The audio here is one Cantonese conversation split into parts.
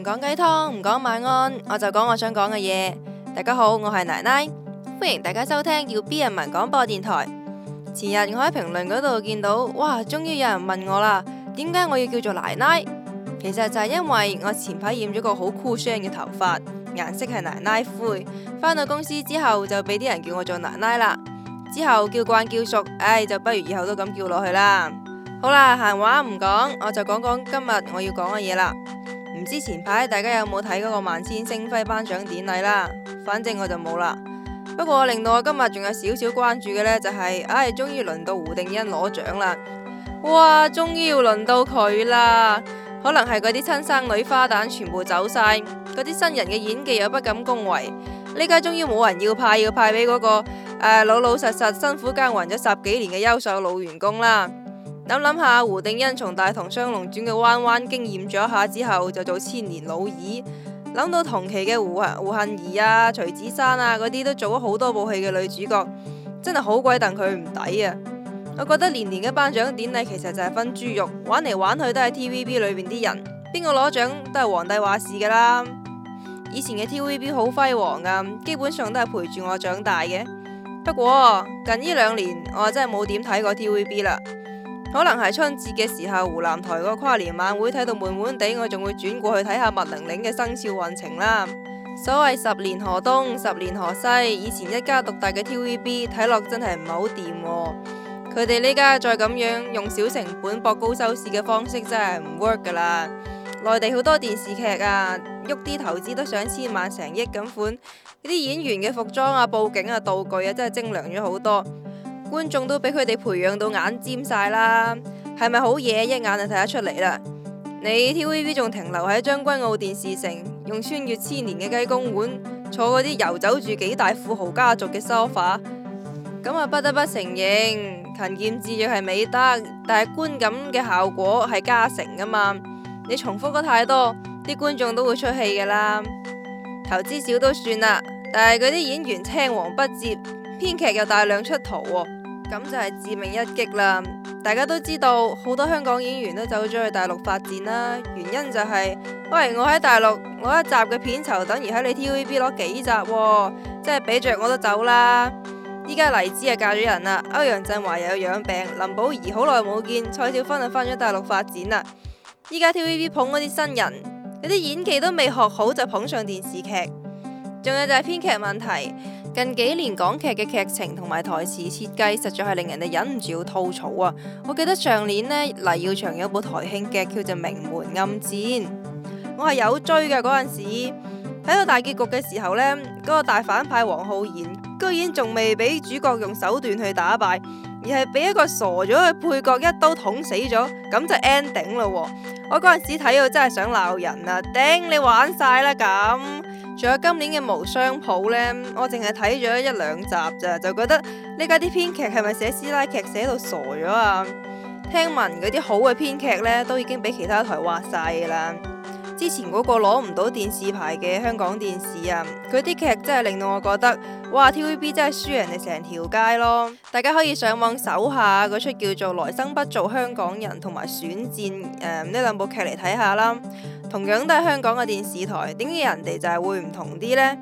唔講雞湯，唔講晚安，我就講我想講嘅嘢。大家好，我係奶奶，歡迎大家收聽叫 B 人民廣播電台。前日我喺評論嗰度見到，哇，終於有人問我啦，點解我要叫做奶奶？其實就係因為我前排染咗個好酷炫嘅頭髮，顏色係奶奶灰。返到公司之後就俾啲人叫我做奶奶啦，之後叫慣叫熟，唉、哎，就不如以後都咁叫落去啦。好啦，閒話唔講，我就講講今日我要講嘅嘢啦。唔知前排大家有冇睇嗰個萬千星輝頒獎典禮啦，反正我就冇啦。不過令到我今日仲有少少關注嘅呢、就係，就係唉，終於輪到胡定欣攞獎啦！哇，終於要輪到佢啦！可能係嗰啲親生女花旦全部走晒，嗰啲新人嘅演技又不敢恭維，呢家終於冇人要派，要派俾嗰、嗰個、呃、老老實實辛苦耕耘咗十幾年嘅優秀老員工啦。諗諗下，胡定欣從《大同雙龍傳》嘅彎彎驚艷咗一下之後，就做千年老二。諗到同期嘅胡胡杏兒啊、徐子珊啊嗰啲，都做咗好多部戲嘅女主角，真係好鬼戥佢唔抵啊！我覺得年年嘅頒獎典禮其實就係分豬肉，玩嚟玩去都係 TVB 裏面啲人，邊個攞獎都係皇帝話事噶啦。以前嘅 TVB 好輝煌啊，基本上都係陪住我長大嘅。不過近呢兩年，我真係冇點睇過 TVB 啦。可能係春節嘅時候，湖南台個跨年晚會睇到悶悶地，我仲會轉過去睇下麥玲玲嘅生肖運程啦。所謂十年河東，十年河西，以前一家獨大嘅 TVB 睇落真係唔好掂，佢哋呢家再咁樣用小成本博高收視嘅方式真係唔 work 噶啦。內地好多電視劇啊，喐啲投資都上千萬成億咁款，嗰啲演員嘅服裝啊、布景啊、道具啊，真係精良咗好多。觀眾都俾佢哋培養到眼尖晒啦，係咪好嘢？一眼就睇得出嚟啦！你 TVB 仲停留喺將軍澳電視城，用穿越千年嘅雞公碗坐嗰啲遊走住幾大富豪家族嘅梳化，咁啊不得不承認，勤儉節約係美德，但係觀感嘅效果係加成噶嘛？你重複得太多，啲觀眾都會出戲噶啦。投資少都算啦，但係佢啲演員青黃不接，編劇又大量出逃。咁就係致命一擊啦！大家都知道，好多香港演員都走咗去大陸發展啦，原因就係、是，喂，我喺大陸我一集嘅片酬，等於喺你 TVB 攞幾集，即、哦、係比着我都走啦。依家黎姿啊嫁咗人啦，歐陽震華又有養病，林保怡好耐冇見，蔡少芬啊翻咗大陸發展啦。依家 TVB 捧嗰啲新人，佢啲演技都未學好就捧上電視劇，仲有就係編劇問題。近幾年港劇嘅劇情同埋台詞設計，實在係令人哋忍唔住要吐槽啊！我記得上年呢，黎耀祥有部台慶劇叫做《名門暗戰》，我係有追嘅嗰陣時，睇到大結局嘅時候呢，嗰個大反派黃浩然居然仲未俾主角用手段去打敗，而係俾一個傻咗嘅配角一刀捅死咗，咁就 ending 咯。我嗰陣時睇到真係想鬧人啊！頂你玩晒啦咁！仲有今年嘅《無雙譜》呢，我淨係睇咗一兩集咋，就覺得呢家啲編劇係咪寫師奶劇寫到傻咗啊？聽聞嗰啲好嘅編劇呢，都已經俾其他台挖晒㗎啦。之前嗰個攞唔到電視牌嘅香港電視啊，佢啲劇真係令到我覺得哇！TVB 真係輸人哋成條街咯。大家可以上網搜下嗰出叫做《來生不做香港人》同埋《選戰》誒呢、呃、兩部劇嚟睇下啦。同樣都係香港嘅電視台，點解人哋就係會唔同啲呢？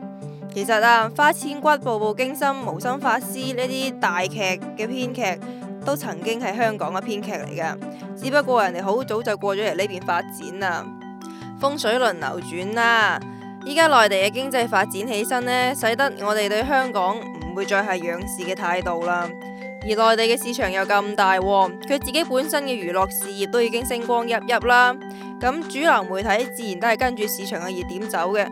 其實啊，花千骨、步步驚心、無心法師呢啲大劇嘅編劇都曾經係香港嘅編劇嚟噶，只不過人哋好早就過咗嚟呢邊發展啊。風水輪流轉啦！依家內地嘅經濟發展起身呢，使得我哋對香港唔會再係仰視嘅態度啦。而內地嘅市場又咁大喎，佢自己本身嘅娛樂事業都已經星光熠熠啦。咁主流媒體自然都係跟住市場嘅熱點走嘅。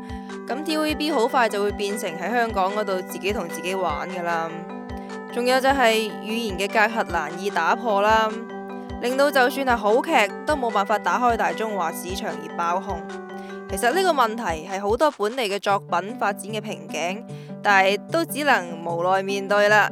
咁 TVB 好快就會變成喺香港嗰度自己同自己玩噶啦。仲有就係語言嘅隔閡難以打破啦。令到就算係好劇都冇辦法打開大中華市場而爆紅，其實呢個問題係好多本地嘅作品發展嘅瓶頸，但係都只能無奈面對啦。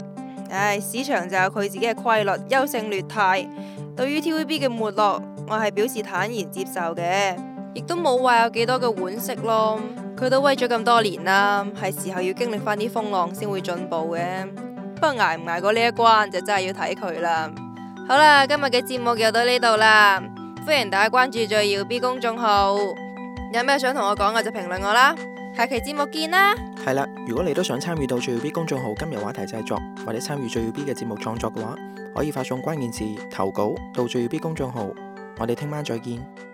唉，市場就有佢自己嘅規律，優勝劣汰。對於 TVB 嘅沒落，我係表示坦然接受嘅，亦都冇話有幾多嘅惋惜咯。佢都威咗咁多年啦，係時候要經歷翻啲風浪先會進步嘅。不過挨唔挨過呢一關，就真係要睇佢啦。好啦，今日嘅節目就到呢度啦。歡迎大家關注最耀 B 公眾號，有咩想同我講嘅就評論我啦。下期節目見啦。係啦，如果你都想參與到最耀 B 公眾號今日話題製作，或者參與最耀 B 嘅節目創作嘅話，可以發送關鍵字投稿到最耀 B 公眾號。我哋聽晚再見。